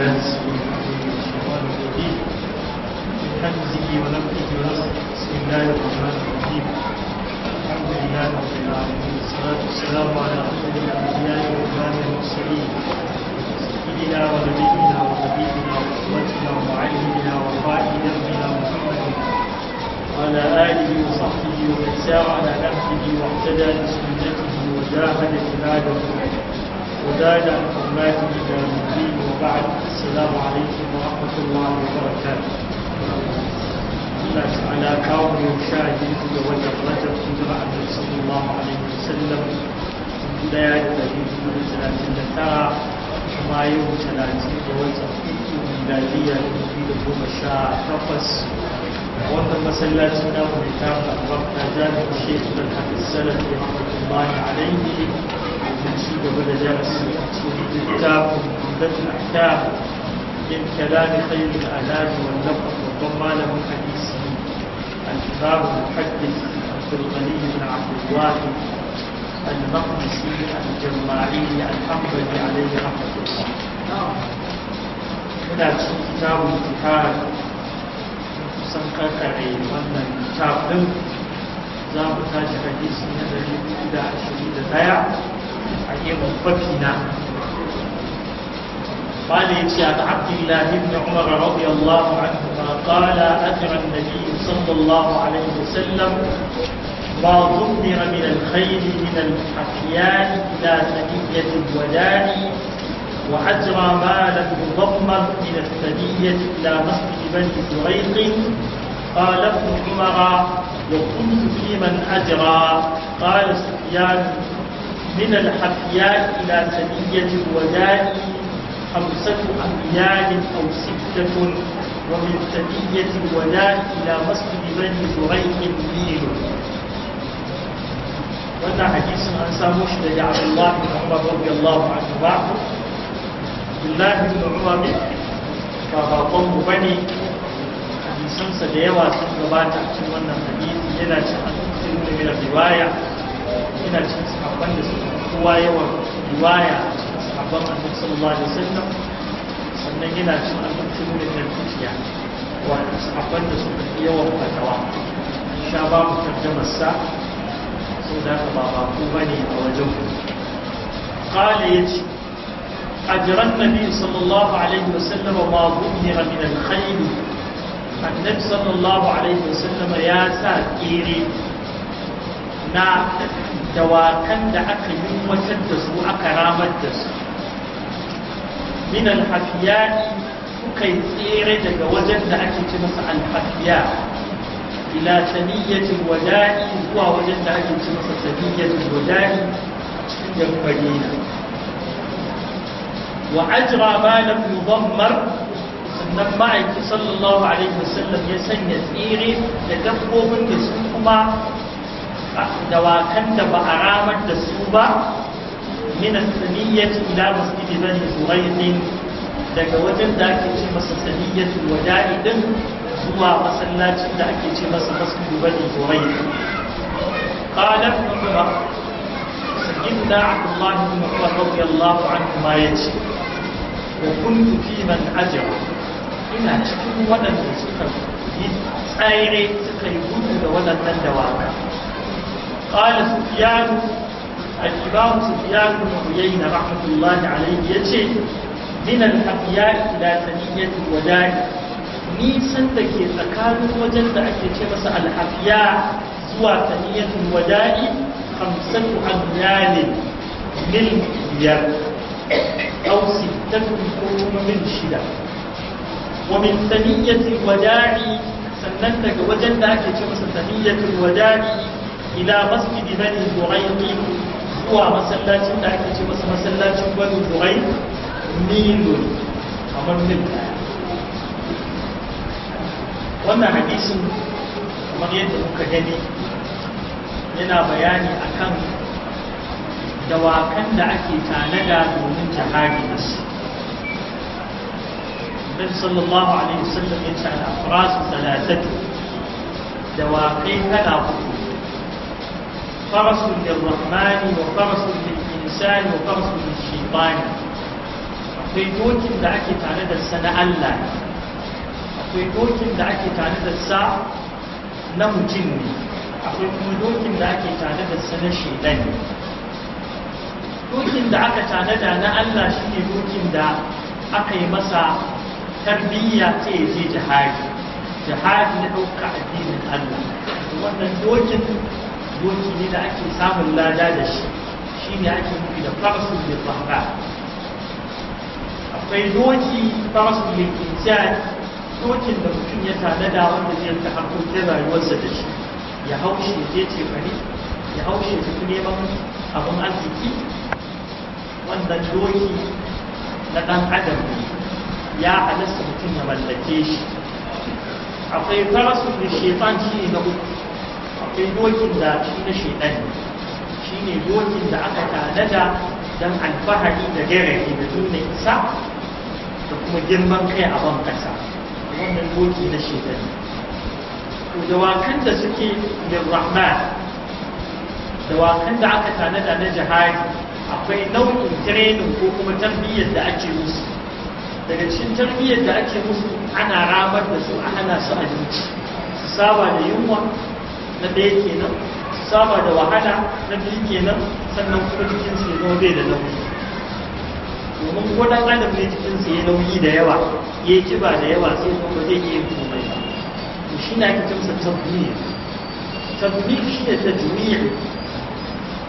الله الشيطان الرجيم من بسم الله الرحمن الرحيم الحمد لله رب العالمين والصلاة والسلام على أشرف الأنبياء وإمام المرسلين سيدنا ونبينا وحبيبنا وأسوتنا ومعلمنا وقائد دربنا محمد وعلى آله وصحبه ومن سار على نهجه واهتدى بسنته وجاهد جهاده وزاد عن حرماته إلى الدين وبعد السلام عليكم ورحمة الله وبركاته Allah ta'ala kawo mu shahi da wannan rajar sun jira annabi sallallahu alaihi wasallam daya da dari biyu da talatin da tara kuma yau da wata uku da goma sha takwas wannan masallaci ta albarka alaihi ci gaba da عمدة الأحكام من كلام خير الأنام والنفق وضم له حديثه الكتاب المحدث عبد الغني بن عبد الواحد المقدسي الجماعي الحنبلي عليه رحمة الله. هنا في كتاب الاتحاد kusan karkare wannan littafin za mu tashi hadisi na 421 a gefen kwafi na قال يتي عن عبد الله بن عمر رضي الله عنهما قال أثر النبي صلى الله عليه وسلم ما ضمر من الخير من الحفيان إلى ثنية الوداع وأجرى ما لم يضمر من الثنية إلى مسجد بني زريق قال ابن عمر في فيمن أجرى قال سفيان من الحفيان إلى ثنية الوداع خمسة أميال أو ستة ومن ثدية الوداع إلى مسجد بني زريق ميل وانا حديث عن ساموش عبد الله بن عمر رضي الله عنه بعد عبد الله بن عمر فباطن بني حديثا da yawa sun gabata a cikin wannan hadisi yana cin alƙasirin da riwaya yana cin sahabban أخبار عن النبي صلى الله عليه وسلم أن هنا سؤال تكتبون من الفتية وأقل نصف الفتية وفتوى شباب ترجم الساعة سوداء بابا كوباني أوجوه قال يتش أجرى النبي صلى الله عليه وسلم وما ظهر من الخيل النبي صلى الله عليه وسلم يا ساتيري نا دواكن أكل aka yi wajen da min alhafiya suka yi tsere daga wajen da ake ce masa alhafiya ila saniyyatin wada'i zuwa wajen da ake ce masa saniyyatin wada'i cikin madina wa ajra malam mudammar sannan ma'aiki sallallahu alaihi wasallam ya sanya tsere da dabbobin da su kuma dawakan da ba a ramar da su ba min as-saniyyati ila masjidi bani zurayqin daga wajen da ake ce masa saniyyatul wada'i din zuwa masallacin da ake ce masa masjidu bani zurayqin qala ibn umar sayyidina abdullah ibn umar radiyallahu anhu ma yace wa kuntu fi man ajra ina cikin waɗanda suka yi tsere suka yi gudu da waɗannan dawaka qala sufyanu الإمام سفيان بن عيينة رحمة الله عليه يتي من الحقياء إلى ثنية الوداع نيسان دكي أكادو وجن دعك يتمس الحقياء هو ثنية الوداع خمسة أميال من مليار أو ستة كوم من شدة ومن ثنية الوداع سنن دك وجن دعك ثنية الوداع إلى مسجد بني زعيم zuwa masallacin da ake ce masa masallacin bani buhai milo kamar mil daya wannan hadisin kamar yadda kuka gani yana bayani a kan dawakan da ake tanada domin jihadi da su Nabi sallallahu alaihi wasallam ya ce al-afras salatatu dawakai kala hudu فرس للرحمن وفرس للإنسان وفرس للشيطان akwai dokin da ake tare da sa na Allah akwai dokin da ake tare da sa na mutum ne akwai kuma dokin da ake tare da sa na shaidan ne dokin da aka tare da na Allah shi ne dokin da aka yi masa tarbiyya ta yaje jihadi jihadi na ɗauka addinin Allah wannan dokin doki ne da ake samun lada da shi shi ne ake nufi da farsu da fahra akwai doki farsu da kintiya dokin da mutum ya tanada wanda zai ta harkokin rayuwarsa da shi ya haushe je ce fari ya haushe su neman abin arziki wanda doki na dan adam ne ya halasta mutum ya mallake shi akwai farasun da shetan shi ne na uku sai dokin da shi na shaidan shi ne dokin da aka tanada don alfahari da jarari da nuna isa da kuma girman kai a ban kasa wannan doki na shaidan to dawakan da suke lirrahman dawakan da aka tanada na jihari akwai nau'in training ko kuma tarbiyyar da ake musu daga cikin tarbiyyar da ake musu ana ramar da su a hana su abinci su saba da yunwa na ɗaya kenan su saba da wahala na biyu kenan sannan kuma cikin ya zama bai da nauyi domin ko ɗan adam ne jikinsu ya nauyi da yawa ya yi kiba da yawa sai kuma ba zai iya yin komai ba to shi na ake kimsa tabbiyar tabbiyar shi ne ta jimiyar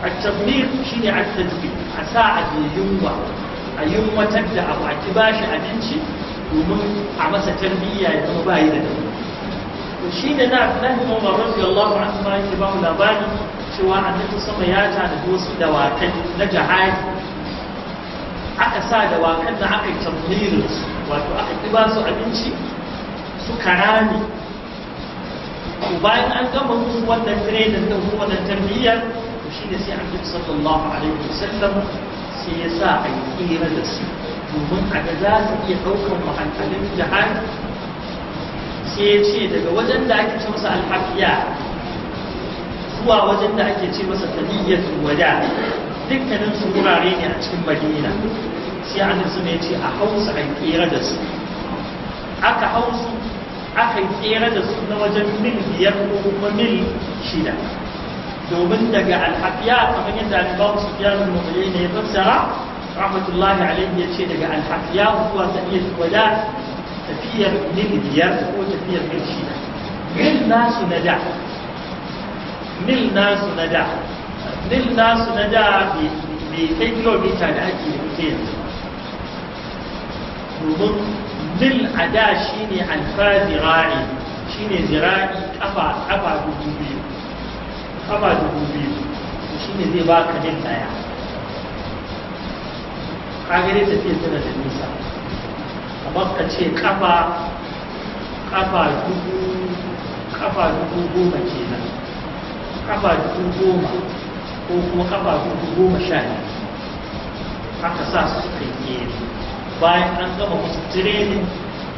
a tabbiyar shi ne a tajbi a sa a je yunwa a yunwatar da abu a ki shi abinci domin a masa tarbiyya ya zama ba yi da nauyi to shi ne na abdullahi bin umar radiyallahu anhu ma yake ba mu labari cewa annabi sama ya tanadi wasu dawakai na jihadi aka sa dawakan da aka tamhirin su wato aka kiba su abinci su karami to bayan an gama musu wannan training din ko wannan tarbiyyar to shine sai annabi sallallahu alaihi wasallam sai ya sa a yi hira da su domin a ga za su iya ɗaukar mahankalin jihadi sai ya ce daga wajen da ake ce masa alhafiya zuwa wajen da ake ce masa taniyyatu wada dukkanin su wurare ne a cikin madina sai yi sun ya ce a hausa an kera da su aka su aka kera da su na wajen mil biyar ko kuma mil shida domin daga alhafiya kamar yadda alibawa su biya da mabalai ne ya fassara rahmatullahi alaihi ya ce daga alhafiya zuwa taniyyatu wada tafiyar mil biyar ko tafiyar mil shida mil nasu na da mil nasu na da mil nasu na da bai kai kilomita da ake da kuke yanzu domin mil a da shi ne alfa zira'i shi ne zira'i kafa kafa dubu biyu kafa dubu biyu shi ne zai baka mil daya kagare tafiya tana da nisa kamar ka ce kafa kafa dubu kafa dubu goma kenan kafa dubu goma ko kuma kafa dubu goma sha ne. aka sa su suka yi bayan an gama musu training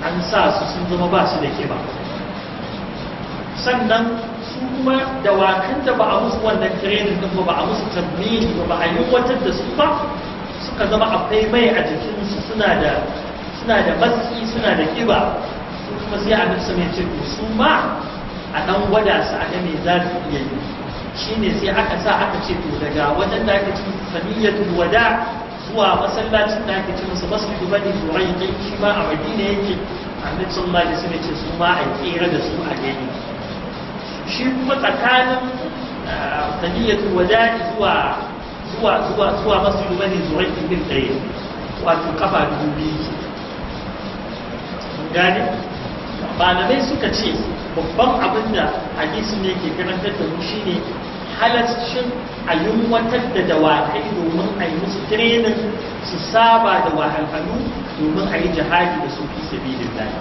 an sa su sun zama ba su da ke ba. sannan su kuma dawakan da ba a musu wannan training din ba a musu tabbini ba ba a yi watar da su ba suka zama akwai mai a jikinsu suna da suna da matsi suna da kiba su kuma sai a nufsa mai ce su ma a ɗan gwada su a game za su iya yi shi ne sai aka sa aka ce to daga wajen da aka ci saniyatul wada zuwa masallacin da aka ci musu masjidu bani zurai dai shi ma a madina yake annabi sallallahu alaihi wasallam ce su ma a kera da su a gani shi kuma tsakanin ah, saniyatul wada zuwa zuwa zuwa zuwa masjidu bani zurai din tsaye wato kafa dubu biyu gane malamai suka ce babban abin da hadisi ne ke karantar da mu shine halascin a yunwatar da dawakai domin a yi musu tirenin su saba da wahalhalu domin a yi jihadi da su fi da lahi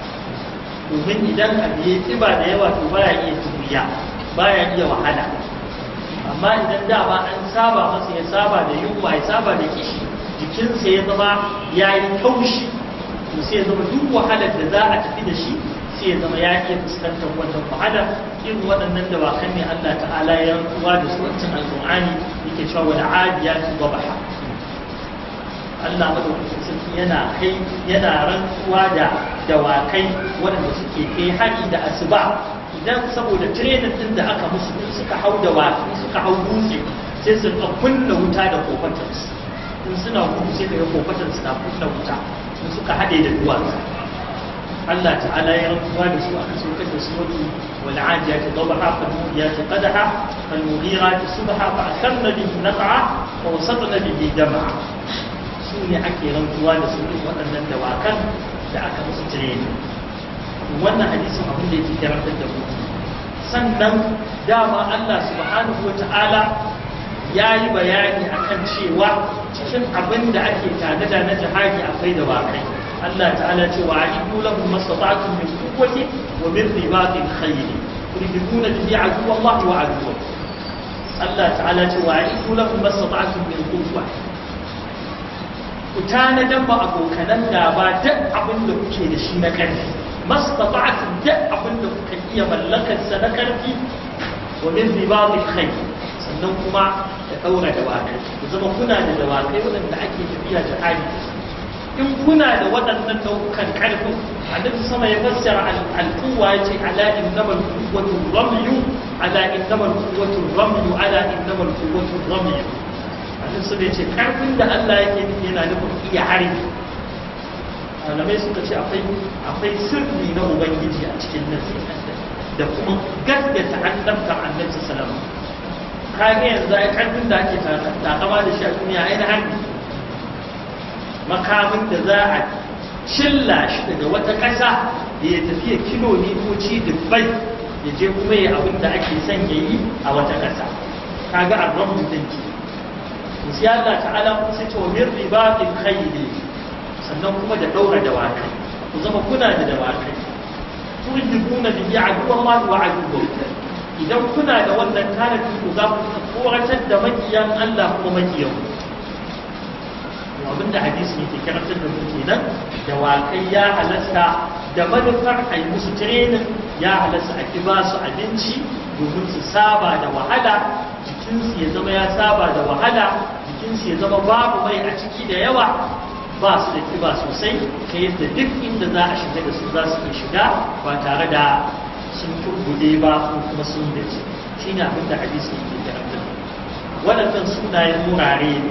domin idan a biye ƙiba da yawa to ba ya iya ba ya iya wahala amma idan dama an saba masa ya saba da yunwa ya saba da kishi jikinsa ya zama ya yi taushi to sai ya zama duk wahalar da za a tafi da shi sai ya zama ya iya fuskantar wannan wahala irin waɗannan da ba ne Allah ta'ala ya rantsuwa da suwancin wancan alƙur'ani yake cewa wal adiyatu dabaha Allah madaukakin sarki yana kai yana rantsuwa da dawakai waɗanda suke kai haɗi da asuba idan saboda tirenin din da aka musu suka hau dawaki suka hau dutse sai su kunna wuta da kofatarsu in suna gudu sai kofatarsu na kunna wuta da suka haɗe da duwatsu Allah ta'ala ya rantsuwa da su aka sun kashe su mutu wal ajiyati dabaha fa diyati qadaha fal mughirati subha fa na bi naqa fa wasatna bi dama su ne ake rantsuwa da su waɗannan dawakan da aka musu tireni wannan hadisin abin da yake karantar da mu sannan dama Allah subhanahu wa ta'ala ya yi bayani akan cewa cikin abin da ake tanada na jihadi akwai da bakai Allah ta'ala ce wa ajibu lahum mastata'tum min quwwati wa min ribatil khayl turiduna bihi aduwwa Allah wa aduwwa Allah ta'ala ce wa ajibu lahum mastata'tum min quwwa ku tanadan ba abokanan ba duk abin da kuke da shi na karfi mastata'tum duk abin da kuka iya mallakar sa na karfi wa min ribatil khayl sannan kuma da dawakai ku zama kuna da dawakai waɗanda ake tafiya jihadi in kuna da waɗannan ɗaukan ƙarfin annabi sama ya fassara al'uwa ya ce ala innamal quwwatu ramyu ala innamal quwwatu ramyu ala innamal quwwatu ramyu annabi sama ya ce ƙarfin da Allah yake nufi yana nufin iya harbi malamai suka ce akwai akwai sirri na ubangiji a cikin nan da kuma gaskata annabta annabi sallallahu alaihi wasallam kage yanzu ai karfin da ake takama da shi a duniya ai na harbi makamin da za a cilla shi daga wata ƙasa da ya tafiya kilomitoci dubbai ya je kuma ya abin da ake son ya yi a wata ƙasa kaga a rabu dinki sai Allah ta'ala kuma sai cewa min kai ne, sannan kuma da daura dawakai ku zama kuna da dawakai turjibuna bihi aduwallahi wa aduwallahi idan kuna da wannan tanadi to za ku tsoratar da makiyan Allah ko makiyan abinda hadisi ke karantar da mu kenan da waƙai ya halasta da manufar a yi musu training ya halasta a ba su abinci domin su saba da wahala jikinsu ya zama ya saba da wahala jikinsu ya zama babu mai a ciki da yawa ba su da kiba sosai ta yadda duk inda za a shiga da su za su shiga ba tare da sun turgude ba ko kuma sun dace shi ne abin da hadisi yake karanta waɗannan sunayen wurare ne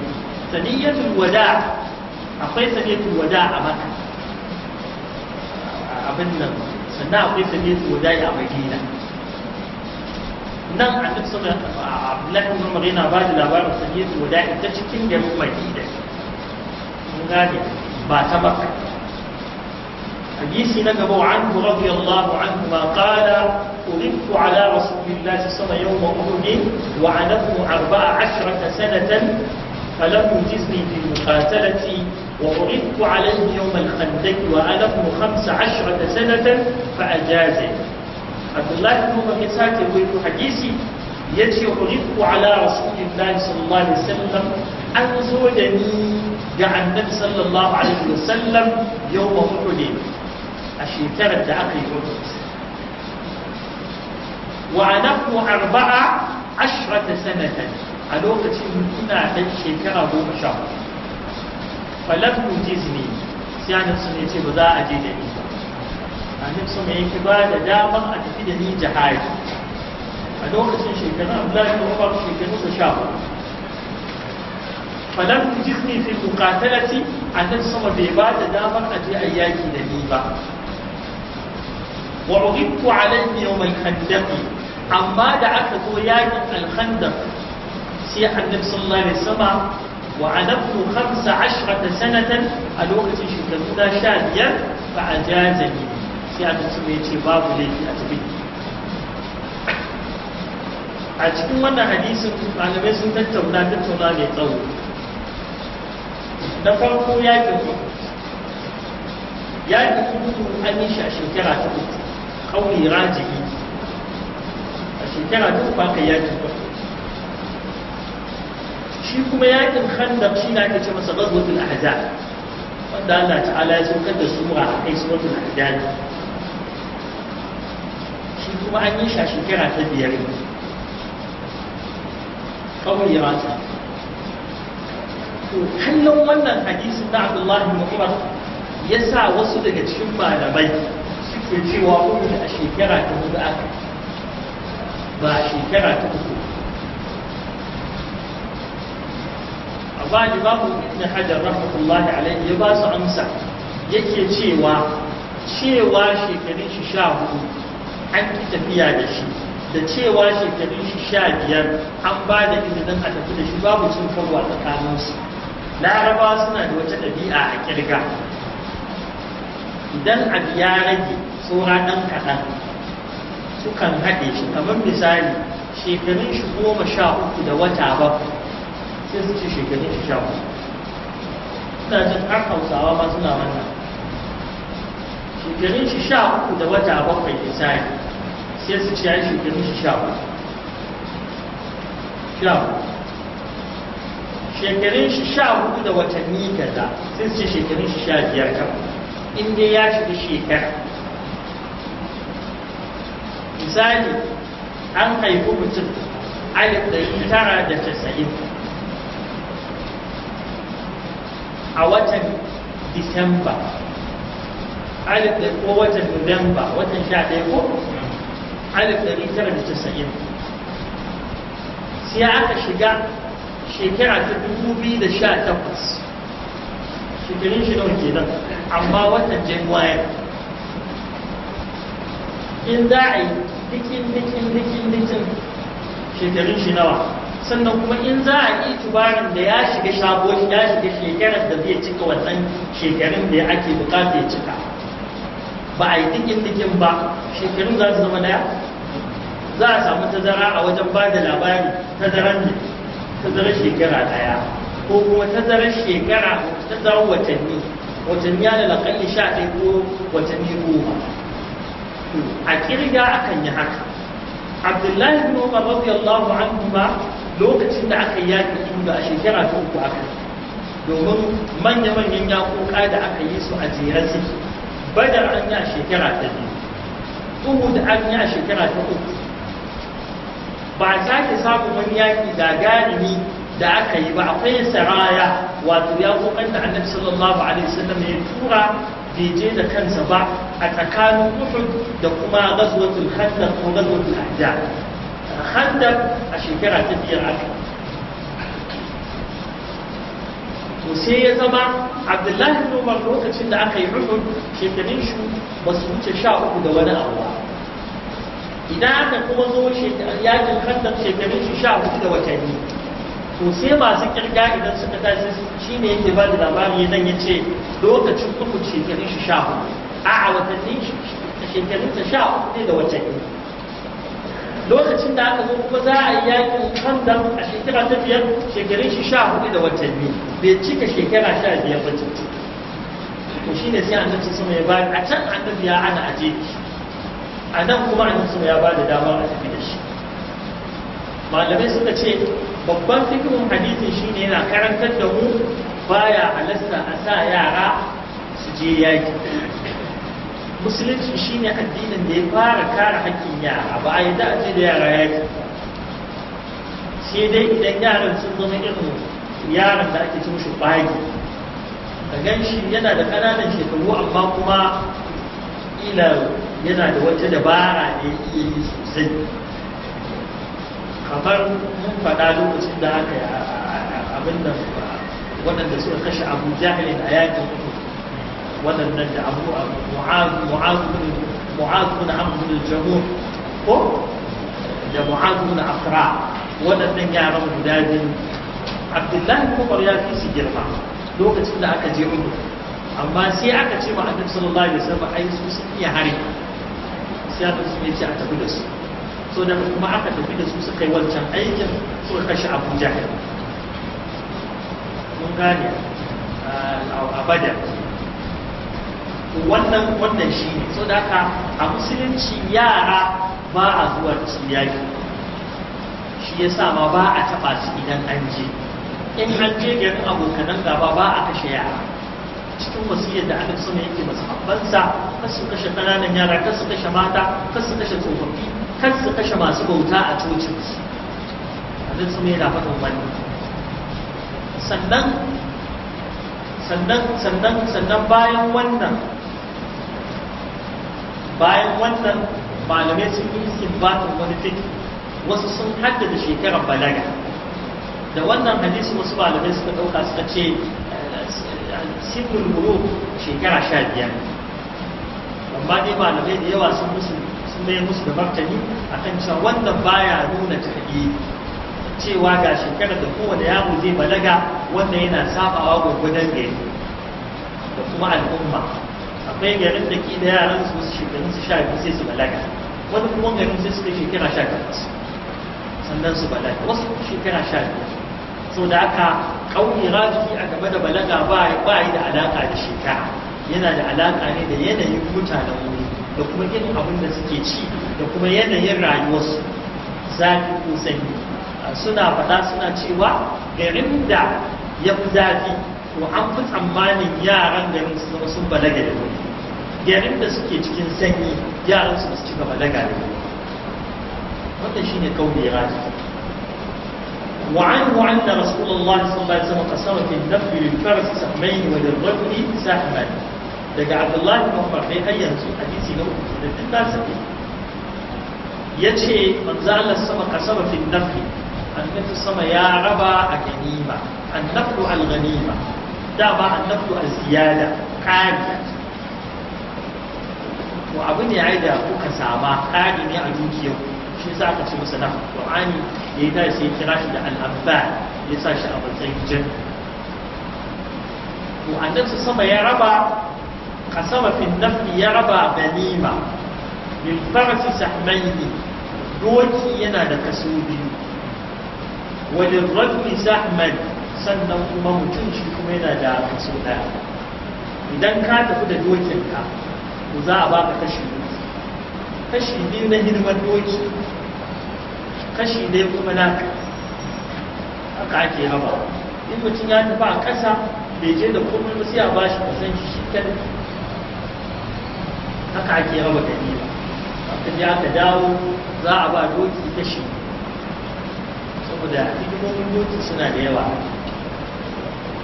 saniyatul wada akwai saniyatul wada a maka abin nan sannan akwai saniyatul wada a madina nan a duk sama abdullahi ibn umar yana ba da labarin saniyatul wada ta cikin garin madina mun gane ba ta maka حديث نقبوا عنه رضي الله عنهما قال أذبت على رسول الله صلى الله عليه وسلم يوم أحد وأنا أربع عشرة سنة فلم يجزني في المقاتلة وعرضت عليه يوم الخندق وأنا خمس عشرة سنة فأجازه عبد الله بن عمر سعد يقول حديثي يجي عرضت على رسول الله صلى الله عليه وسلم أن زودني عن النبي صلى الله عليه وسلم يوم أحد عشان ثلاث دقائق يقول وعنق أربعة عشرة سنة ألو تشين كنا عشان شكرا أبو مشاو فلم تزني سيانة سنتي بضاعة جديدة أنا أقسم إنك بعد دابا أتفيدني جهاي ألو تشين شكرا أبو مشاو فلم تزني في المقاتلة أن أقسم بإبادة دابا أتي أياكي دليل wa ugibtu alayhi yawm al-khandaq amma da aka zo yakin al-khandaq sai annabi sallallahu alaihi wasallam wa anabtu 15 sanatan a lokacin shekaru da 15 fa ajazani sai ce babu laifi a a cikin wannan hadisin malamai sun tattauna tattauna mai tsawo na farko yakin yakin kudu an yi shi a shekara ta uku kauli rajihi a shekara ta uku aka yakin kwato shi kuma yakin khandaq shi da kace ce masa ghazwatul ahzab wanda Allah ta'ala ya saukar da sura a kai suratul ahzab shi kuma an yi shi shekara ta biyar kawai ya mata to kallon wannan hadisin na Abdullahi Muhammad ya sa wasu daga cikin malamai ke cewa uhud a shekara ta hudu aka ba a shekara ta uku a bani babu ibn hajar rahmatullahi alaihi ya ba su amsa yake cewa cewa shekarun shi sha hudu an ki tafiya da shi da cewa shekarun shi sha biyar an ba da izinin a tafi da shi babu cin karo a tsakaninsu larabawa suna da wata ɗabi'a a kirga idan abu ya rage tsora ɗan kaɗan sukan haɗe shi kamar misali shekarun shi goma sha uku da wata ba sai su ce shekarun shi sha uku suna jin har hausawa ma suna wannan shekarun shi sha uku da wata kai misali sai su ce ya shekarun shi sha uku sha shekarun shi sha uku da watanni kaza sai su ce shekarun shi sha biyar kafa. in dai ya shiga shekara misali an haifi mutum alif ɗari tara da casa'in a watan disamba alif da ko watan nuwamba watan sha ɗaya ko alif ɗari tara da casa'in sai aka shiga shekara ta dubu biyu da sha takwas sikirin shi nawa kenan amma watan januwari in za a yi dikin dikin dikin dikin shekarun shi nawa sannan kuma in za a yi tubarin da ya shiga shago ya shiga shekarar da zai cika wannan shekarun da ake bukata ya cika ba a yi dikin dikin ba shekarun za su zama daya za a samu tazara a wajen ba da labari tazaran ne tazarar shekara daya ko kuma tazarar shekara tazarar watanni watanni ya lalakalli sha ɗaya ko watanni goma a kirga akan yi haka abdullahi bin umar radiyallahu anhu ma lokacin da aka yaƙi inda a shekara ta uku aka domin manya-manyan yaƙoƙa da aka yi su a jere suke badar an yi a shekara ta biyu da an yi a shekara ta uku ba a sake samun wani yaƙi da galibi دعك يبعطي سرايا وتياو قلت عن النبي صلى الله عليه وسلم يتورى في جيدة كان سبع أتكان أحد دقما غزوة الخندق وغزوة الأحزاب خندق أشكرة تدير أكبر وسيئة سبع عبد الله بن عمر روكة شد أخي أحد شد نمشو بس متشاء أحد ولا أهوى إذا أنت قوة زوجة يأتي الخندق شد نمشو شاء أحد وتنين to sai masu kirga idan suka tashi shi ne yake ba da labari ya zan ce lokacin uku shekarun shi sha hudu a a watanni shekarun ta sha hudu ne da ne lokacin da aka zo kuma za a yi yakin kandan a shekara ta biyar shekarun shi sha hudu da ne bai cika shekara sha biyar ba ce to shi ne sai an annabi sama ya bayar a can annabi ya ana aje shi a nan kuma annabi sama ya ba da damar a tafi da shi malamai suka ce babban fikirin hadisin shine yana karantar da mu baya halasta a sa yara su je yaki musulunci shine addinin da ya fara kare haƙƙin yara ba a yi da a ce da yara yaki sai dai idan yaran sun zama irin yaran da ake cin shi bagi a gan shi yana da ƙananan shekaru amma kuma ila yana da wata dabara da ya iya yi sosai kamar mun faɗa lokacin da aka abin da waɗanda suka kashe abu jahilin a yakin waɗanda da abu mu'azu na amfani jamu ko da mu'azu na afra waɗannan yaran guda biyu abdullahi kofar ya fi su girma lokacin da aka je umu amma sai aka ce ma annabi sallallahu alaihi wasallam ai su sun iya hari sai aka ce a tafi da su so da kuma aka tafi da su su kai wancan aikin suka kashe abu jahil mun gane ah, a bada. wannan wannan shi ne so da haka a musulunci yara ba a zuwa yaki shi ya sa ma ba a taɓa su idan an je in an je garin abokanan gaba ba a kashe yara cikin wasiyar da aka suna yake masu abbansa kasu su kashe ƙananan yara kasu su kashe mata kasu su kashe tsofaffi kar su kashe masu bauta a cocin su abin su mai rafatun wani sannan sannan sannan sannan bayan wannan bayan wannan malamai sun yi istinbatin wani take wasu sun haddada shekarar balaga da wannan hadisi wasu malamai suka ɗauka suka ce eh, sifin mulu shekara sha biyar amma dai malamai da yawa sun musu mai musu da martani a kan cewa wannan baya nuna tarihi cewa ga shekarar da kowane yaro zai balaga wannan yana sabawa gwagwadon gari da kuma al'umma akwai garin da ke da yaran su wasu shekaru su sha biyu sai su balaga wani kuma garin sai su kai shekara sha takwas sannan su balaga wasu shekara sha biyu so da aka kauni rajiki a game da balaga ba yi da alaka da shekara yana da alaka ne da yanayin mutanen wuri da kuma yin abin da suke ci da kuma yanayin rayuwarsu zafi ko sanyi suna faɗa suna cewa garin da ya fi zafi to an fi tsammanin yaran garin su zama sun balaga da wuri garin da suke cikin sanyi yaran su su cika balaga da wuri wannan shine ya raji وعنه أن رسول الله صلى الله عليه وسلم قسم النفل للفرس سهمين وللرجل سهما daga abdullahi bin umar dai har yanzu hadisi na uku da duk nasu ne ya ce manzo ka sama kasaba fi nafi annabi sama ya raba a ganima annafu al ganima da ba annafu al ziyada kari to abu ne ai da kuka sama kari ne a dukiyar shi za ka ci masa nafi qur'ani ya yi sai kira shi da al ya sa shi a matsayin jin to annabi sama ya raba قسم في النفل يربع بنيمة من فرس سحمين دوكي ينا لكسودي وللرجل سحما sannan kuma mutum shi kuma yana da kaso daya idan ka tafi da dokinka to za a baka kashi kashi biyu na hirman doki kashi ɗaya kuma naka haka ake haba in mutum ya tafi a ƙasa bai je da komai sai a bashi kasan shi haka ake raba a aka je aka dawo za a ba doki ta shi saboda hidimomin doki suna da yawa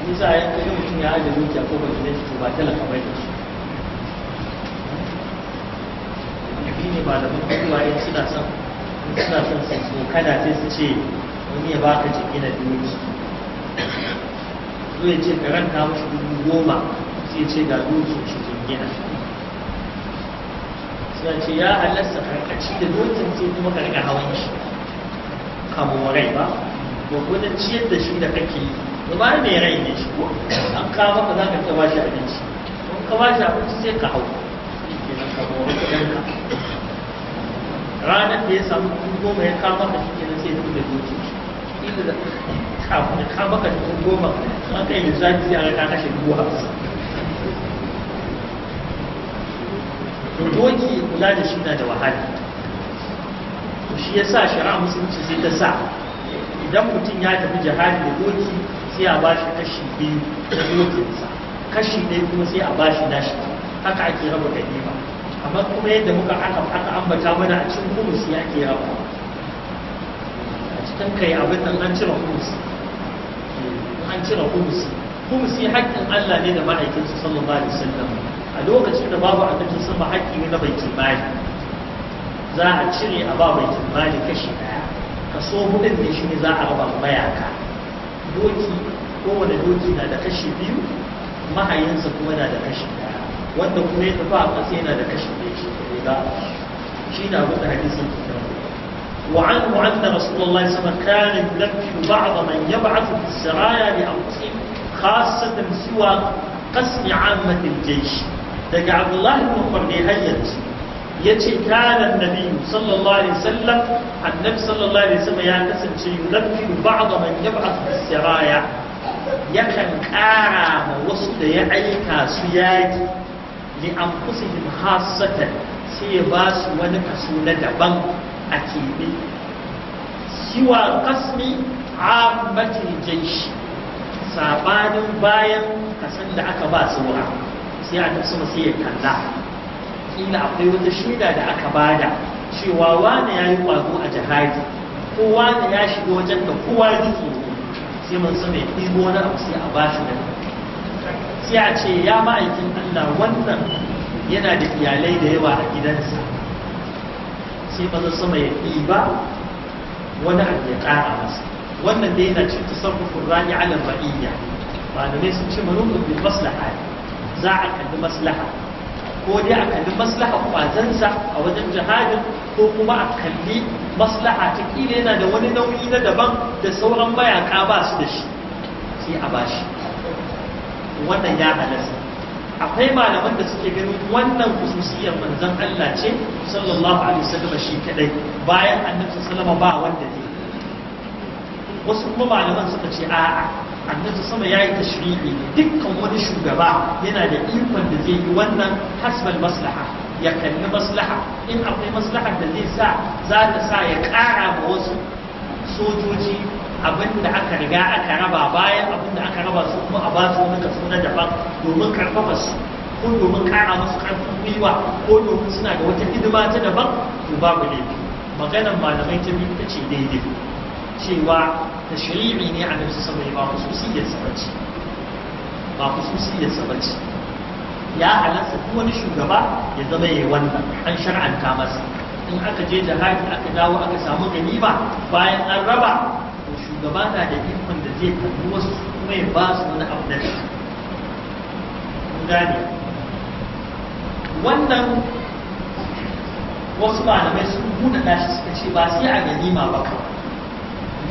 nisa ya kai mutum ya hajji doki a kogon gidan shi ba talaka bai da shi shi ne malaman kuma yin suna son suna son su so kada sai su ce wani ya baka jiki na doki zo ya ce ka ranta mushi dubu goma sai ce ga doki shi jingina suna ce ya halasta karkaci da dokin sai kuma ka riga hawan shi kamorai ba ko kuma ciyar da shi da kake yi da ba mai rai ne shi ko an kawo maka za ka tsawa shi abinci in ka bashi abinci sai ka hau kenan kamorai ɗanka ranar da ya samu dubu goma ya kama ka shi kenan sai dubu da dokin shi ila da kafin kama ka dubu goma an kai lissafi ya rika kashe dubu hamsin to doki kula da shi na da wahala to shi ya sa shari'a musulunci sai ta sa idan mutum ya tafi jihadi da doki sai a ba shi kashi biyu da dokinsa kashi ɗaya kuma sai a ba shi nashi haka ake raba ganima amma kuma yadda muka aka aka ambata mana a cikin ya ke raba a cikin kai abin nan an cire kumus an cire kumus kumusi haƙƙin Allah ne da ma'aikinsa sallallahu alaihi wasallam a lokacin da babu annabi sama haƙƙi ne na baitul mali za a cire a ba baitul mali kashi daya kaso hudun ne shi ne za a raba mayaka doki kowane doki na da kashi biyu mahayinsa kuma na da kashi daya wanda kuma ya tafi a ƙasa yana da kashi ɗaya shi ne ba shi na abin da hadisi ke nan وعنه أن رسول الله صلى الله عليه وسلم كان يذكر بعض من يبعث في السرايا لأنفسهم خاصة سوى قسم عامة الجيش daga abdullahi ibn qurdayhayyat yace kana annabi sallallahu alaihi wasallam annabi sallallahu alaihi wasallam ya kasance yulabbi ba'd man yab'ath bis-siraya yakan kara ma wasu da ya aika su yaki li yin hasatan sai ya ba su wani kaso na daban a kebe siwa kasmi ammatin jaishi sabanin bayan kasan da aka ba saura sai a tafi sai ya kalla kila akwai wata shaida da aka bada cewa wane ya yi ƙwazo a jihadi ko wane ya shiga wajen da kowa ziki sai mun sama ya ɗigo wani abu sai a bashi da sai a ce ya ma'aikin Allah wannan yana da iyalai da yawa a gidansa sai mazan sama ya ɗiba wani abu ya ƙara masa wannan da yana cin tasarrufin rani ala ra'iyya malamai sun ce manufin bil maslaha ne za a kalli maslaha ko dai a kalli maslaha kwazansa a wajen jihadin ko kuma a kalli maslaha ta kila yana da wani nauyi na daban da sauran mayaka ba su da shi sai a ba shi. wannan ya halasta akwai malaman da suke ganin wannan kususiyar manzon Allah ce sallallahu alaihi wasallam shi kadai bayan annabi sallallahu alaihi wasallam ba wanda ne wasu kuma malaman suka ce a'a annabi sama ya yi tashri'i dukkan wani shugaba yana da ikon da zai yi wannan hasbal maslaha ya kalli maslaha in akwai maslaha da zai sa za ta sa ya kara ma wasu sojoji abin da aka riga aka raba bayan abin da aka raba su kuma a ba su wani kasu na daban domin karfafa su ko domin kara musu karfin gwiwa ko domin suna da wata hidima ta daban to babu laifi maganar malamai ta biyu ta ce daidai cewa tashri'i ne a nan su sama ba khususiyar sa bace ba khususiyar sa bace ya halarta duk wani shugaba ya zama yayi wannan an shar'anta masa in aka je jihadi aka dawo aka samu ganima bayan an raba to shugaba na da ikon da zai kalli wasu kuma ya ba su wani abu da gane wannan wasu malamai sun buɗe shi suka ce ba sai a ganima ba kawai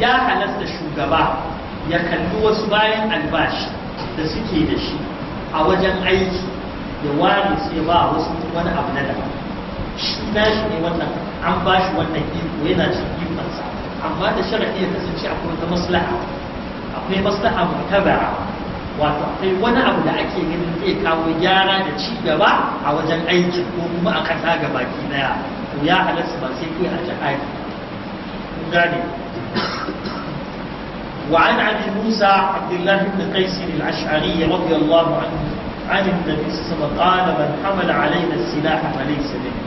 ya halatta shugaba ya kalli wasu bayan albashi da suke da shi a wajen aiki da ware sai ba wasu wani abu na daban shi na shi ne wannan an ba shi wannan iko yana cin ikonsa amma da sharaɗi ya kasance akwai wata maslaha akwai maslaha tabara wato akwai wani abu da ake ganin zai kawo gyara da ci gaba a wajen aiki ko kuma a kasa ki daya Ko ya halarsa ba sai kai a jihadi gane وعن ابي موسى عبد الله بن قيس الاشعري رضي الله عنه عن النبي صلى الله عليه وسلم قال من حمل علينا السلاح فليس منه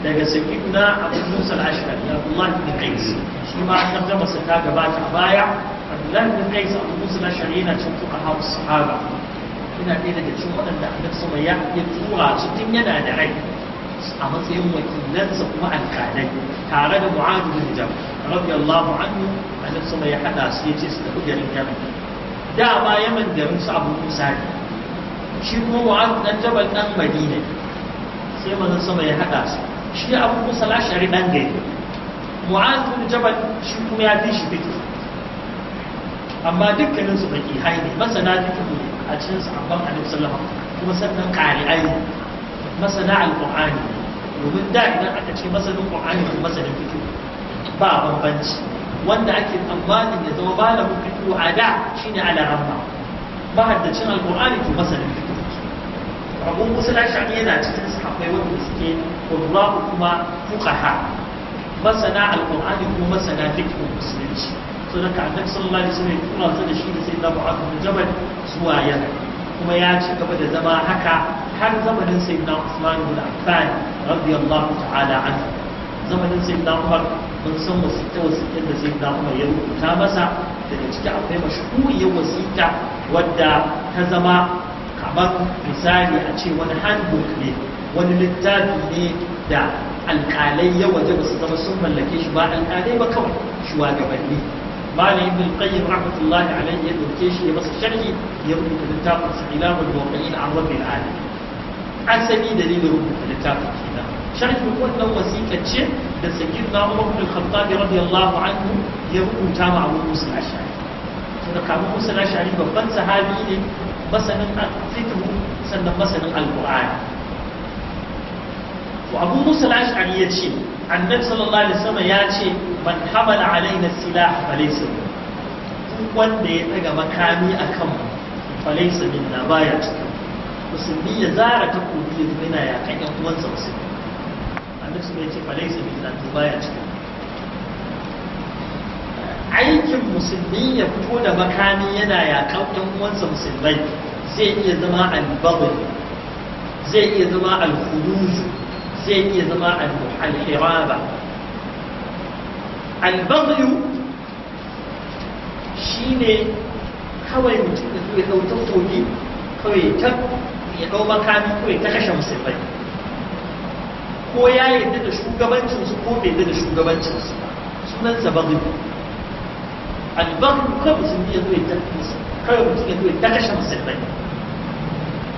daga sayyidina abu musa al-ashari abdullah ibn qais shi ma an gaba sa ta gabata a baya abdullah ibn qais abu musa al-ashari yana cin fuka hawa sahaba ina ɗaya daga cikin waɗanda annabi sama ya ya tura su tun yana da rai a matsayin wakilansa kuma alƙalai tare da mu'adu bin jabal radiyallahu anhu annabi sama ya hada su yace su tafi garin Yaman da ba Yaman garin su Abu Musa shi kuma Mu'adh dan Jabal dan Madina sai manzon sama ya hada su shi Abu Musa al shari dan gari Mu'adh bin Jabal shi kuma ya fi shi fiki amma dukkanin su baki hai masana fikihu a cikin sahabban Annabi sallallahu alaihi wasallam kuma sannan ƙari'ai masana al-Qur'ani domin da idan aka ce masanin Qur'ani ko masanin fikihu ba bambanci wanda ake tsammanin ya zama malamin fiqh a da shine ala rabba mahaddacin alqur'ani to masanin fiqh abu musul ashari yana cikin sahabbai wanda suke qurra'u kuma fuqaha masana alqur'ani kuma masana fiqh musulunci so da ka annabi sallallahu alaihi wasallam kuma sa da shi da sayyidina mu'adh bin jabal zuwa yana kuma ya ci gaba da zama haka har zamanin sayyidina usman bin affan radiyallahu ta'ala anhu zamanin sayyidina umar kun san wasiƙa wasiƙin da zai na umar ya rubuta masa daga ciki akwai mashhuriyar wasiƙa wadda ta zama kamar misali a ce wani handbook ne wani littafi ne da alƙalai ya waje ba su zama sun mallake shi ba alƙalai ba kawai shugabanni malam ibn qayyim rahmatullahi alayhi ya dauke shi ya masa sharhi ya rubuta littafin sa ilamul muqayyin an rabbil alamin sani dalilin rubuta littafin kenan sharhin wannan wasiƙa ce da sakin na umar bin khattabi radiyallahu anhu ya rubuta ma abu musa ashari tunda kabu musa ashari babban sahabi ne masanin fiqh sannan masanin alqur'ani wa abu musa ashari ya ce annabi sallallahu alaihi wasallam ya ce man hamala alaina silah falaysa duk wanda ya daga makami akan mu falaysa minna baya musulmi ya zara takobi yana yakan yan uwansa musulmi annabi sai ce fa laysa bi zati baya cikin aikin musulmi ya fito da makami yana yakan ɗan uwansa musulmai zai iya zama al zai iya zama al zai iya zama al-hiraba shi ne kawai mutum da ya ɗau takobi kawai ta ya ɗau makami kawai ta kashe musulmai ko ya yadda da shugabancinsu ko bai yadda da shugabancinsu sunan sa baghi albaru kai musulmi ya zo ya tafi kai mutum ya zo ya takashe musulmai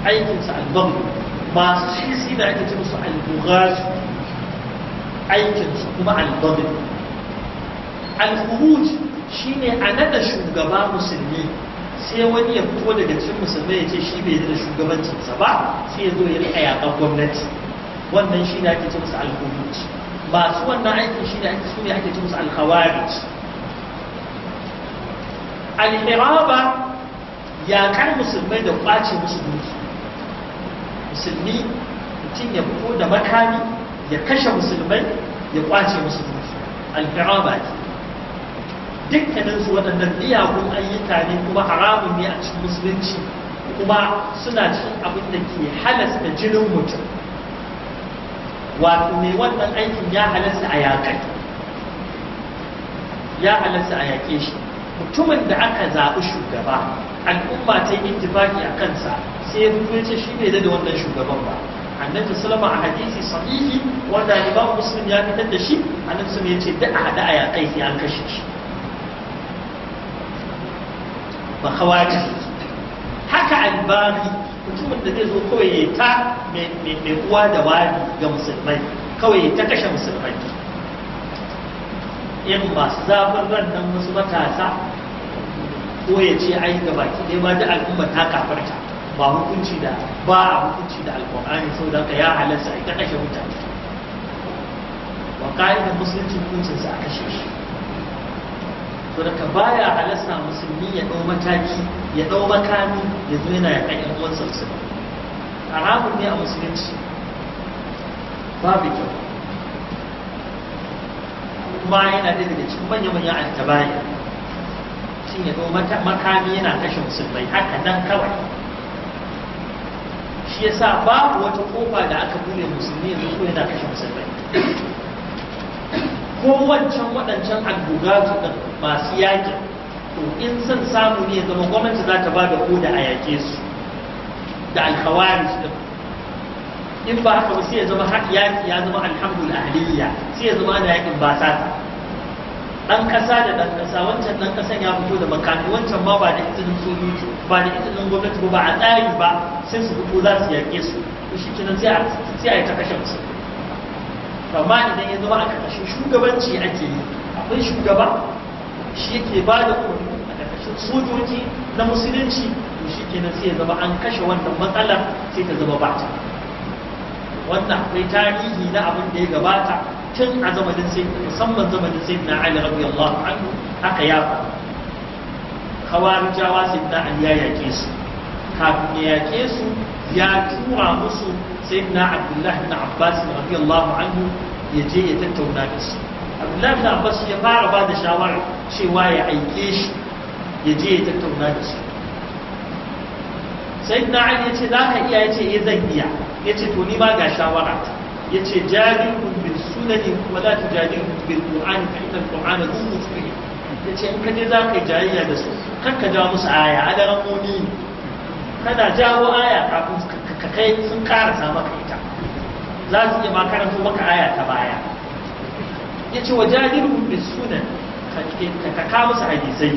aikinsa albaru masu sisi da ake ce musu albughaz aikinsu kuma albaru shi ne a nada shugaba musulmi sai wani ya fito daga cikin musulmai ya ce shi bai yadda da shugabancinsa ba sai ya zo ya rika gwamnati wannan shi ne ake ce musu alkhuruj masu wannan aikin shi ne ake su ne ake ce musu alkhawarij alhiraba yakar musulmai da kwace musu duki musulmi mutum ya fito da makami ya kashe musulmai ya kwace musu duki alhiraba ne dukkanin su waɗannan iyagun ayyuka ne kuma haramun ne a cikin musulunci kuma suna cikin abin da ke halasta jinin mutum wato mai wannan aikin ya halarsa a yaƙai ya halarsa a yaƙe shi mutumin da aka zaɓi shugaba al'umma ta yi intifaki a kansa sai ya fito ce shi bai da wannan shugaban ba annabi salama a hadisi sahihi wanda imam muslim ya fitar da shi annabi sun ya ce da a haɗa a yaƙai sai an kashe shi ba haka albani mutumin da zai zo kawai ya ta mai uwa da wani ga musulmai kawai ya ta kashe musulmai in masu zafin ran don wasu matasa ko ya ce ai ga baki ɗaya ba da al'umma ta kafarta ba hukunci da ba a hukunci da sau da ka ya halarsa a ta kashe mutane wa ka'idar musulunci hukuncinsa a kashe shi to baya halasta musulmi ya ɗau mataki ya ɗau makami ya zo yana yaƙa ƴan uwansa musulmi haramun ne a musulunci babu kyau kuma yana ɗaya daga cikin manya-manyan altabaya Shin ya ɗau makami yana kashe musulmai haka nan kawai shi yasa babu wata kofa da aka bude musulmi yanzu ko yana kashe musulmai ko wancan waɗancan su ɗin masu yaƙi to in son samu ne zama gwamnati za ta ba da koda a yaƙe su da alkawari ɗin in ba haka ba sai ya zama yaƙi ya zama alhamdulillah, ahliya sai ya zama ana yaƙin ba ta. ɗan ƙasa da ɗan ƙasa wancan ɗan ƙasan ya fito da makami wancan ma ba da izinin sojoji ba da izinin gwamnati ba ba a tsari ba sai su fito za su yaƙe su to shi kenan sai a yi ta kashe su amma idan ya zama a ƙarƙashin shugabanci ake yi akwai shugaba shi yake ba da umarni a ƙarƙashin sojoji na musulunci to shi ke sai ya zama an kashe wannan matsalar sai ta zama bata wannan akwai tarihi na abin da ya gabata tun a zamanin sai musamman zamanin sai na ali radiyallahu anhu haka ya faru kawarijawa sai na ali ya yaƙe su kafin ya yake su ya tura musu sai na abdullahi na abbas na allahu anhu ya je ya tattauna da su abdullahi na abbas ya fara ba da shawar cewa ya aike shi ya je ya tattauna da su sai na ali ya ce za ka iya ya ce ya eh, zan iya ya ce to ni ma ga shawara ya ce jari'un bil sunani kuma wa la tujadilu bil qur'ani fa inna al qur'ana dhu ya ce in ka je za ka yi jayayya da su kar ka ja musu aya a adaran mu'mini kana jawo aya kafin ka kai sun karasa maka ita za su iya makarantu maka aya ta baya ya ce wa jahilun bi sunan ka ka musu hadisai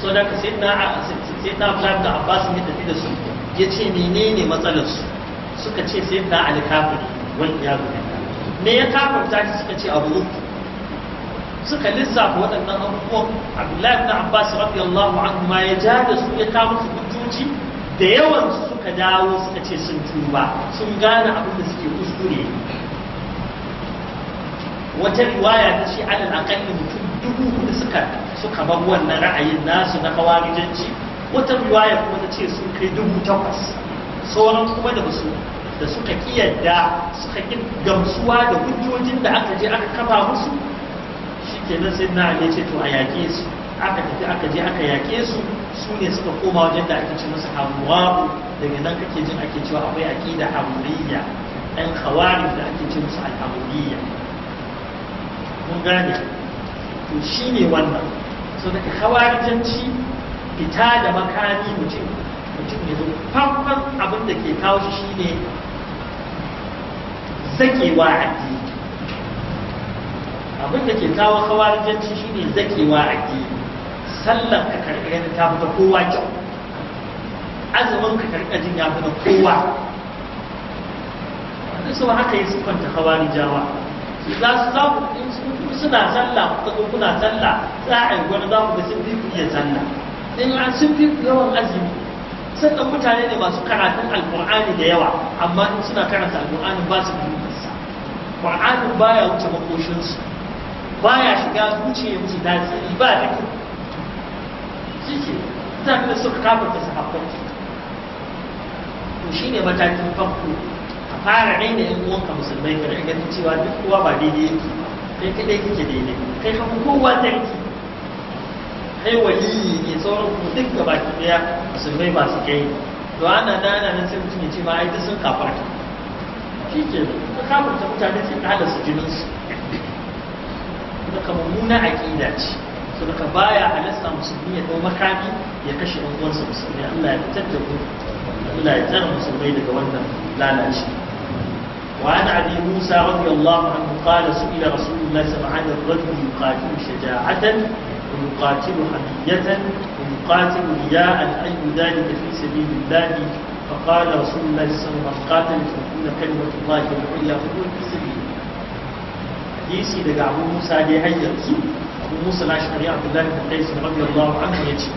so da ka sai na sai na Abdullahi da Abbas ne tafi da su ya ce menene matsalar su suka ce sai na alkafiri wani yaro billah me ya kafirta suka ce abu suka lissafa waɗannan abubuwan abdullahi ibn abbas radiyallahu anhu ma ya ja da su ya kawo su hujjoji da yawan suka dawo suka ce sun tuba sun gane abin da suke kuskure wata riwaya ta ce alal aqalli mutum dubu da suka suka bar wannan ra'ayin nasu na kawarijanci wata riwaya kuma ta ce sun kai dubu takwas sauran kuma da basu da suka kiyarda suka gamsuwa da hujjojin da aka je aka kafa musu kenan sai na ne ce to a yaƙe su aka tafi aka je aka yaƙe su su ne suka koma wajen da ake ce musu hamuwa daga nan kake jin ake cewa akwai aƙida hamuriya ɗan khawarij da ake ce musu alhamuriya mun gane to shi ne wannan so daga khawarijanci fita da makami mutum mutum ne zuwa farkon abin da ke kawo shi ne zakewa addini abin da ke kawo kawarijanci shine zakewa a addini sallar ka karɓe ta fi ta kowa kyau azumin ka karɓe jin ya fi na kowa wanda su haka yi siffanta kawarijawa su za su za ku in suna sallah ta taɓa kuna sallah za a yi wani za ku ga sun fi ku iya sallah in an sun fi yawan azumi sannan mutane ne masu karatun alƙur'ani da yawa amma in suna karanta alƙur'ani ba su bi Qur'anin baya wuce makoshinsu baya shiga zuciya ya tasiri ba da ke shi ce mutane da suka kafarta su haɓar to shi ne matakin farko a fara raina yan uwanka musulmai ka rika ganin cewa duk kowa ba daidai yake kai kadai ke daidai kai ka kowa sarki kai waliyi ne sauran kuma duk gaba ki daya musulmai masu kai to ana da ana nan sai mutum ya ce ma ai sun kafarta shi ke ka kafarta mutane sai ka hada su jininsu daga mummuna aqida ce saboda baya halasta musulmi ya dau makami ya kashe ɗan uwansa musulmi Allah ya fitar da Allah ya musulmai daga wannan lalaci وعن ابي موسى رضي الله عنه قال سئل رسول الله صلى الله عليه وسلم الرجل يقاتل شجاعه ويقاتل حميه ويقاتل رياء اي ذلك في سبيل الله فقال رسول الله صلى الله عليه وسلم قاتل تكون كلمه الله العليا فهو في سبيل hadisi daga abu musa dai har yanzu abu musa na shi kariya abdullahi bin qais radiyallahu anhu yace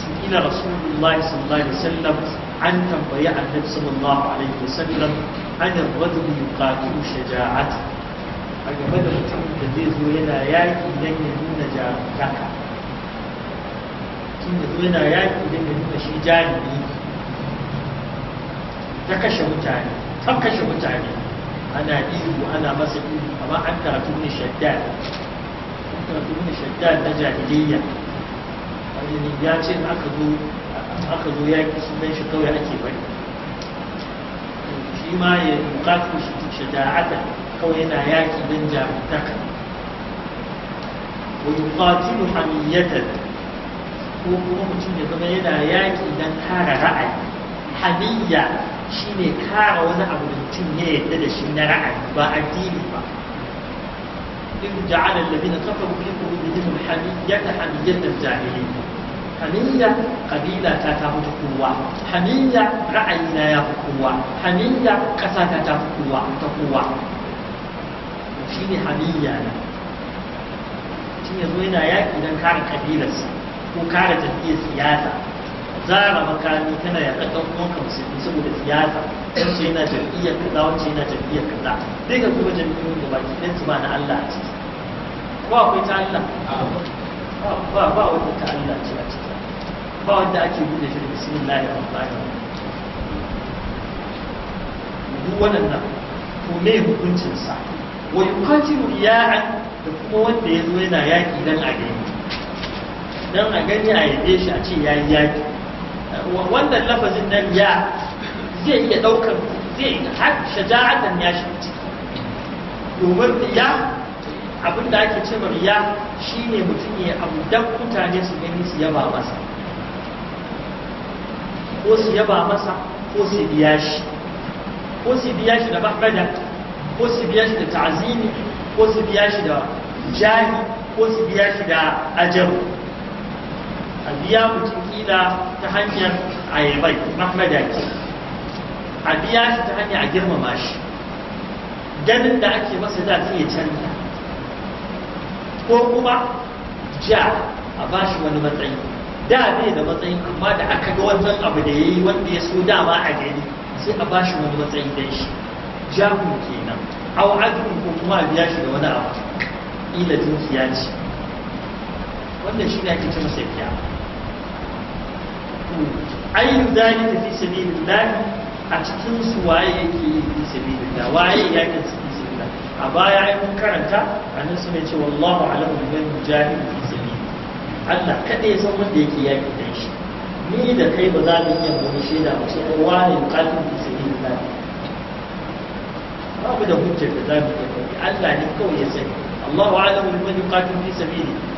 su ila rasulullahi sallallahu alaihi wasallam an tambayi annabi sallallahu alaihi wasallam an rajul yuqatilu shaja'at a game da mutum da zai zo yana yaki dan ya nuna jarumtaka mutum da zo yana yaki dan ya nuna shi jarumi ta kashe mutane ta kashe mutane انا ديني وانا مسك اما انت تكون شداد انت تكون شداد ده جاهليه يعني يا شيخ اخذوا اخذوا يا كسب ليش قوي اكيد بني شيما يقاتل شجاعته قوي هنا يا كسب بن جابتك ويقاتل حميته وكما مجنة كما يدعى ياكي إذا كار رأي حمية شيني كار وانا أبو mutum ya yadda da shi na ra'ayi ba addini ba in ja'ala alladhina kafaru fi qulubihim hamiyyata hamiyyatal jahiliyyah hamiyya qabila ta ta fi kuwa hamiyya ra'ayi na ya fi kowa hamiyya kasa ta ta fi kowa ta kowa shine hamiyya ne shi yazo yana yaki dan kare kabilarsa ko kare jam'iyyar siyasa zara makami kana ya ɗan uwanka musulmi saboda siyasa wacce yana jam'iyyar kaza na yana ka za zai ga kuma jam'iyyar da baki ki su ba na Allah a ciki ko akwai ta Allah ba ba wata ta Allah ce a ciki ba wanda ake buɗe shi da bismillahir rahmanir rahim duk wannan ko me hukuncin sa wa yuqatilu ya'an da kuma wanda ya zo yana yaƙi dan a gani dan a gani a yabe shi a ce yayi yaƙi wannan lafazin na riya zai iya ɗaukar zai har shaja'atan ya shi ciki domin ya, abin da ake ce riya shine mutum ya abu dan mutane su gani su yaba masa ko su yaba masa ko su biya shi ko su biya shi da bahbada ko su biya shi da ta'azimi ko su biya shi da jahi ko su biya shi da ajaru a biya mutum kila ta hanyar ayyabai mahmada ke a biya shi ta hanyar a girmama shi ganin da ake masa da zai ya canza ko kuma ja a bashi wani matsayi da bai da matsayi amma da aka ga wannan abu da ya yi wanda ya so dama a gani sai a bashi wani matsayi dan shi jahu kenan au azumi ko kuma a biya shi da wani abu ila dukiya ce wannan shi ne ake ce masa biya ayu zalika fi sabilillah a cikin su waye yake yi fi sabilillah waye yake fi sabilillah a baya ai mun karanta annabi sun ce wallahu alamu bil mujahid fi sabilillah Allah kada ya san wanda yake yaki dan shi ni da kai ba za mu iya mu shaida mu ce wani qalbi fi sabilillah babu da hujjar da za mu iya Allah ne kawai ya sani Allahu alamu bil mujahid fi sabilillah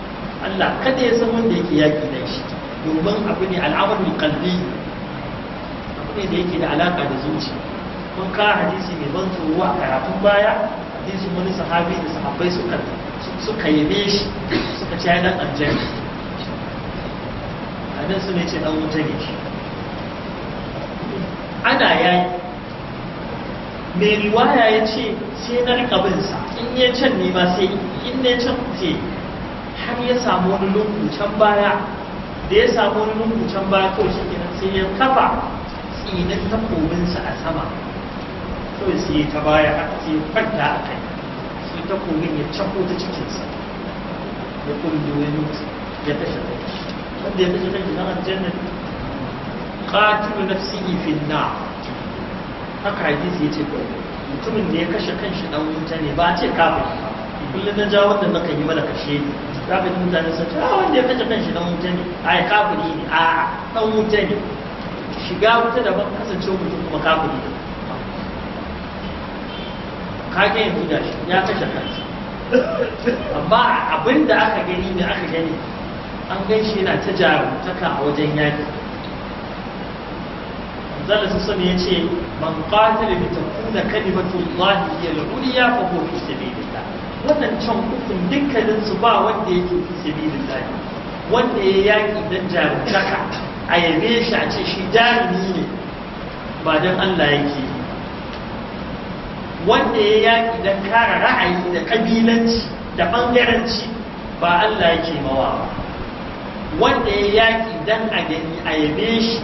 Allah kada ya san wanda yake yaki dan shi domin abu ne al'amarin kalbi abu ne da yake da alaka da zuci mun ka hadisi mai ban tsoro a karatun baya hadisi wani sahabi da sahabbai suka suka yabe shi suka ci dan aljanna a nan su ne ce dan wuta ne ana yayi mai riwaya ya ce sai na rika sa. in ya can ne ma sai in ne can ce har ya samu wani lokacin can baya da ya samu wani lungu can baya shi kenan sai ya kafa tsinin takobinsa a sama kawai sai ya ta baya a sai ya fadda a kai sai takobin ya cako ta cikinsa ya da wani ya kashe kai wanda ya kashe kai na aljanna qatilu nafsihi fi an finna? haka ya ce ko mutumin da ya kashe kanshi dan wuta ne ba ce kafin kullum na ja wanda maka yi mala kashe ne za ka ji mutane sun ce ah, wanda ya kashe kanshi dan wuta ne a ya kafiri ne a ɗan wuta ne shiga wuta da ban kasance mutum kuma kafiri ne Ka kage yanzu da shi ya kashe kansa amma abin da aka gani ne aka gani an gan shi yana ta jarumtaka a wajen yaki zalla su sami ya ce man qatala bi takuna kalimatu llahi hiya al-ulya fa huwa fi sabilillah waɗancan ukun dukkaninsu ba wanda yake fi sabilin lahi wanda ya yaƙi don jarumtaka a yabe shi a ce shi jarumi ne ba don Allah yake wanda ya yaƙi don kara ra'ayi da ƙabilanci da ɓangaranci ba Allah yake mawa wanda ya yaƙi don a gani a yabe shi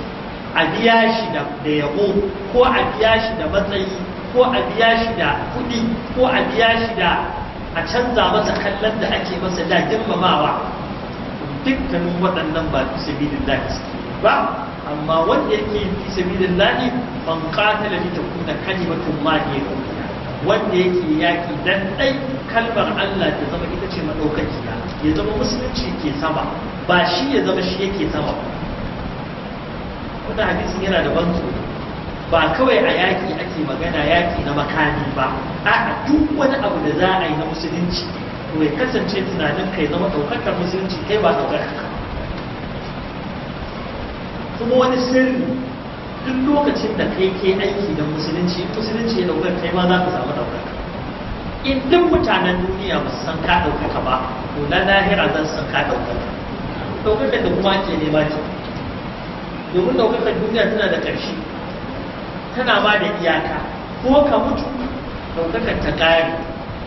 a biya shi da yabo ko a biya shi da matsayi ko a biya shi da kuɗi ko a biya shi da a canza masa kallon da ake masa da girmamawa dukkanin waɗannan ba fi sabilin lahi suke ba amma wanda yake yi fi sabilin lahi ban katala ni ta kuna tun ma ne wanda yake yaƙi dan ɗai kalmar Allah ta zama ita ce maɗaukakiya ya zama musulunci ke sama ba shi ya zama shi yake sama wannan hadisin yana da ban tsoro ba kawai a yaƙi ake magana yaƙi na makami ba a duk wani abu da za a yi na musulunci mai kasance tunanin kai zama ɗaukakar musulunci kai ba ɗaukakar ka kuma wani sirri duk lokacin da kai ke aiki da musulunci musulunci ya ɗaukar kai ma za ka samu ɗaukaka in duk mutanen duniya ba su san ka ɗaukaka ba to na lahira zan san ka ɗaukaka ɗaukakar da kuma ake nema ce domin ɗaukakar duniya tana da ƙarshe tana ba da iyaka ko ka mutu ɗaukakar ta ƙari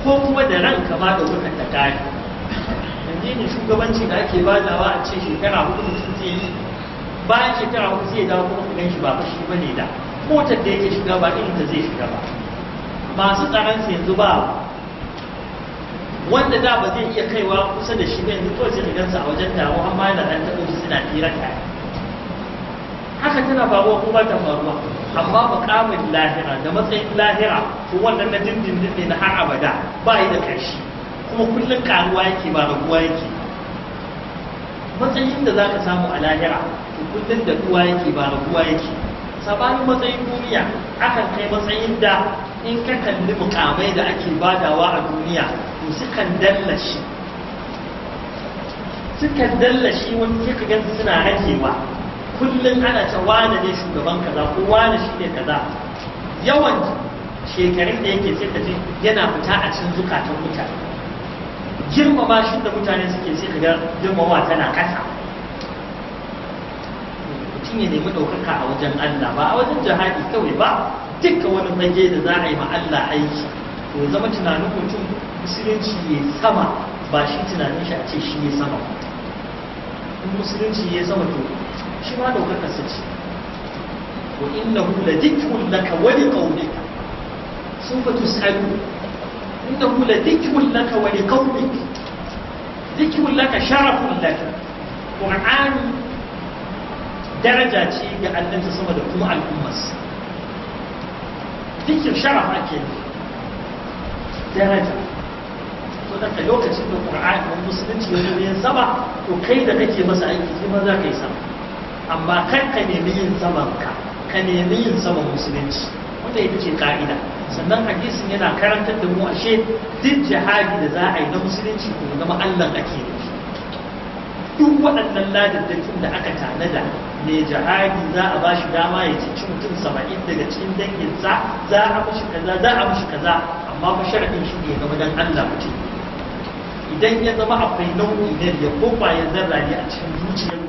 ko kuma da ranka ma ɗaukakar ta ƙari addinin shugabanci da ake badawa a ce shekara hudu mutum zai yi bayan shekara hudu zai dawo kuma gan shi ba shi ba ne da motar da yake shiga ba irin ta zai shiga ba masu tsaron su yanzu ba wanda da ba zai iya kaiwa kusa da shi ba yanzu kawai sai da gansa a wajen damu amma yana ɗan taɓa suna tsira tare haka tana faruwa kuma ta faruwa amma makamin lahira da matsayin lahira to wannan na dindindin ne na har abada ba yi da ƙarshe kuma kullum karuwa yake ba raguwa yake matsayin da za ka samu a lahira to kullum da ruwa yake ba raguwa yake sabanin matsayin duniya akan kai matsayin da in ka kalli mukamai da ake badawa a duniya to sukan dallashi sukan dallashi wani kika gansu suna rakewa kullum ana ce wane ne shugaban kaza ko wane shi ne kaza yawan shekarun da yake sai ka ji yana fita a cikin zukatan mutane girmama shi da mutane suke sai ka ga girmama tana kasa mutum ya nemi ɗaukaka a wajen Allah ba a wajen jihadi kawai ba dukkan wani fage da za a yi ma Allah aiki to zama tunanin mutum musulunci ya sama ba shi tunanin shi a ce shi ya sama musulunci ya sama to shi ma daukaka su ce wa innahu la dhikrun laka wa li qawmika sawfa tusalu innahu la dhikrun laka wa li qawmika dhikrun laka sharafun laka qur'ani daraja ce ga ta sama da kuma al'ummas dukkan sharaf ake daraja to daga lokacin da ƙura'ayin musulunci ya zama to kai da kake masa aiki kuma za ka yi sama amma kar ka nemi yin saman ka ka nemi yin saman musulunci wanda ita ce ka'ida sannan hadisin yana karantar da mu ashe duk jihadi da za a yi na musulunci ko zama Allah ake shi duk waɗannan ladaddakin da aka tanada mai jihadi za a ba shi dama ya ci mutum saba'in daga cikin danginsa za a mashi kaza za a mashi kaza amma ba sharaɗin shi ne game dan Allah mutum idan ya zama akwai nau'i na ya ko ya zarra ne a cikin zuciyar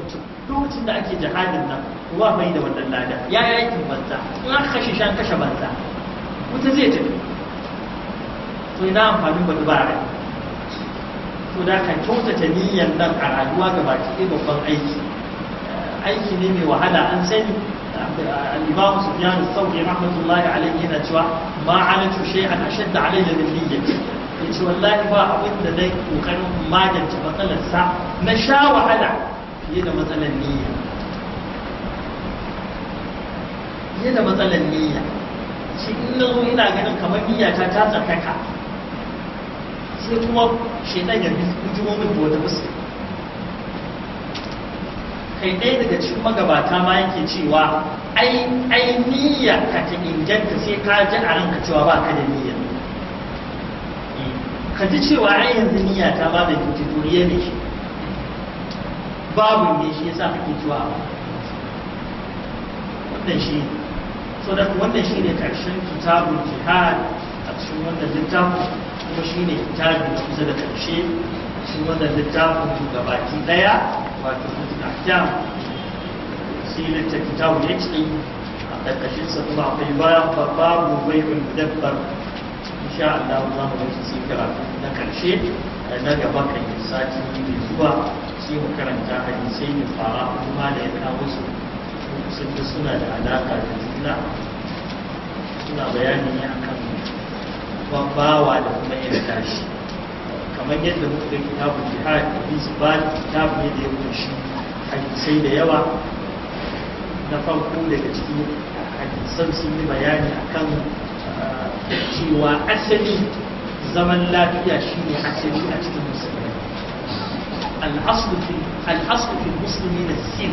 lokacin da ake jihadin nan ruwa bai da wannan lada ya aikin banza in aka kashe shan kashe banza wuta zai tafi to ina amfani ba dubara to da ka kyautata niyyar nan a rayuwa ga baki ɗaya babban aiki aiki ne mai wahala an sani الإمام سفيان الثوري رحمة الله عليه yana cewa ما عالجت شيئا أشد علي من ya ce, wallahi ba abinda zai kokarin magance matsalarsa na sha wahala fiye da matsalar niyya fiye da matsalar niyya shi in na zo ina ganin kamar niyya ta tsakaka sai kuma ɗan ya bijimo min da wata musu? kai ɗaya daga cikin magabata ma yake cewa ai niyya ka ta inganta sai ka ji a ranka cewa ba ka da niyya hmm. ka ji cewa ai yanzu niyya ta ba da tuturiya ne shi babu ne shi yasa kake cewa wannan shi so da wannan shi ne karshen kitabun jihad a cikin wannan littafin kuma shi ne da kusa da karshe shi wannan littafin gabaki daya wato ahkam sai littafin kitabun ya ce a ƙarƙashin sa kuma akwai bayan babu bai'ul mudabbar insha Allah za mu yi sai karatu na karshe na gaba kan sati ne zuwa sai mu karanta hadisai ne fara kuma da ya kawo su sun da suna da alaƙa da juna suna bayani ne akan bambawa da kuma yarda tashi. kamar yadda muka ga kitabun jihad hadisi ba kitab ne da ya kunshi hadisai da yawa na farko daga cikin hadisan sun yi bayani akan ah, cewa asali zaman lafiya shine asali a cikin musulmi al'aslu fi al'aslu fi muslimin sin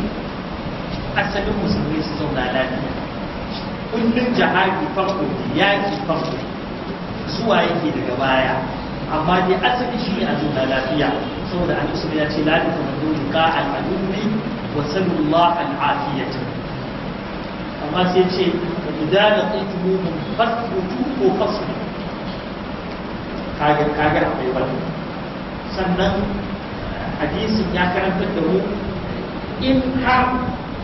asalin musulmi su zauna lafiya kullum jihadi farko yaki zuwa yake daga baya amma dai asali shi a zauna lafiya saboda al'usul ya ce la tamannu liqa al-adumi wa sallallahu al-afiyata amma sai ce idza laqitumuhum fasbutu ko fasbutu kaga sannan hadisin ya karantar da mu in har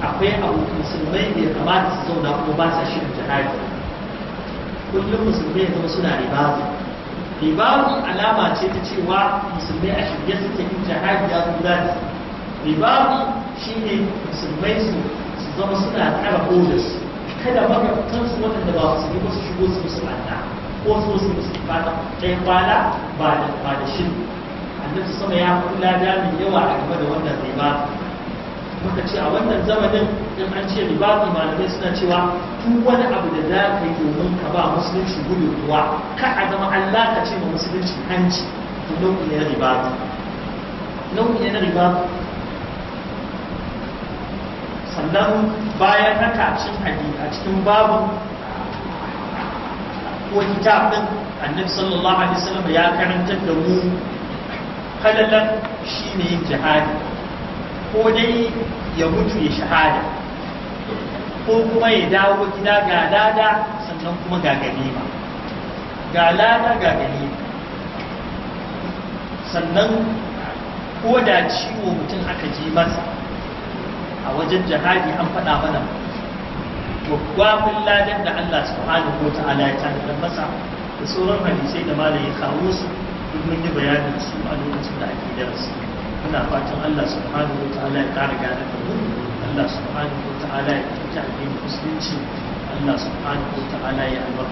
akwai abu musulmai da ya kamata su zauna kuma ba sa shirin jihadi kullum musulmai ya zama suna ribabu ribabu alama ce ta cewa musulmai a shirye suke yin jihadi ya zo da ribabu shi ne musulmai su zama suna tsara bodas kada magabtansu waɗanda ba su yi wasu shigo su musulmanta ko su musu ba ta ɗaya kwana ba da shirin annabi sama ya kula da mai yawa a game da wannan riba muka ce a wannan zamanin in an ce riba malamai suna cewa duk wani abu da za ka yi domin ka ba musulunci gudunmuwa ka a zama Allah ka ce ma musulunci hanci to nau'i ne na riba nau'i ne na riba sannan bayan haka a cikin babu ko kitabin annabi sallallahu alaihi wasallam ya karantar da mu falalar shi ne yin jihadi ko dai ya mutu ya shahada ko kuma ya dawo gida ga lada sannan kuma ga ganima ga lada ga ganima sannan ko da ciwo mutum aka ji masa a wajen jihadi an faɗa mana gwaggwamin ladan da Allah subhanahu wa ta'ala ya tanadar masa da sauran hadisai da malaye kawo su duk mun yi bayanin su a lokacin da ake darasi muna fatan Allah subhanahu wa ta'ala ya ƙara gane da mu Allah subhanahu wa ta'ala ya kyauta addinin musulunci Allah subhanahu wa ta'ala ya albarka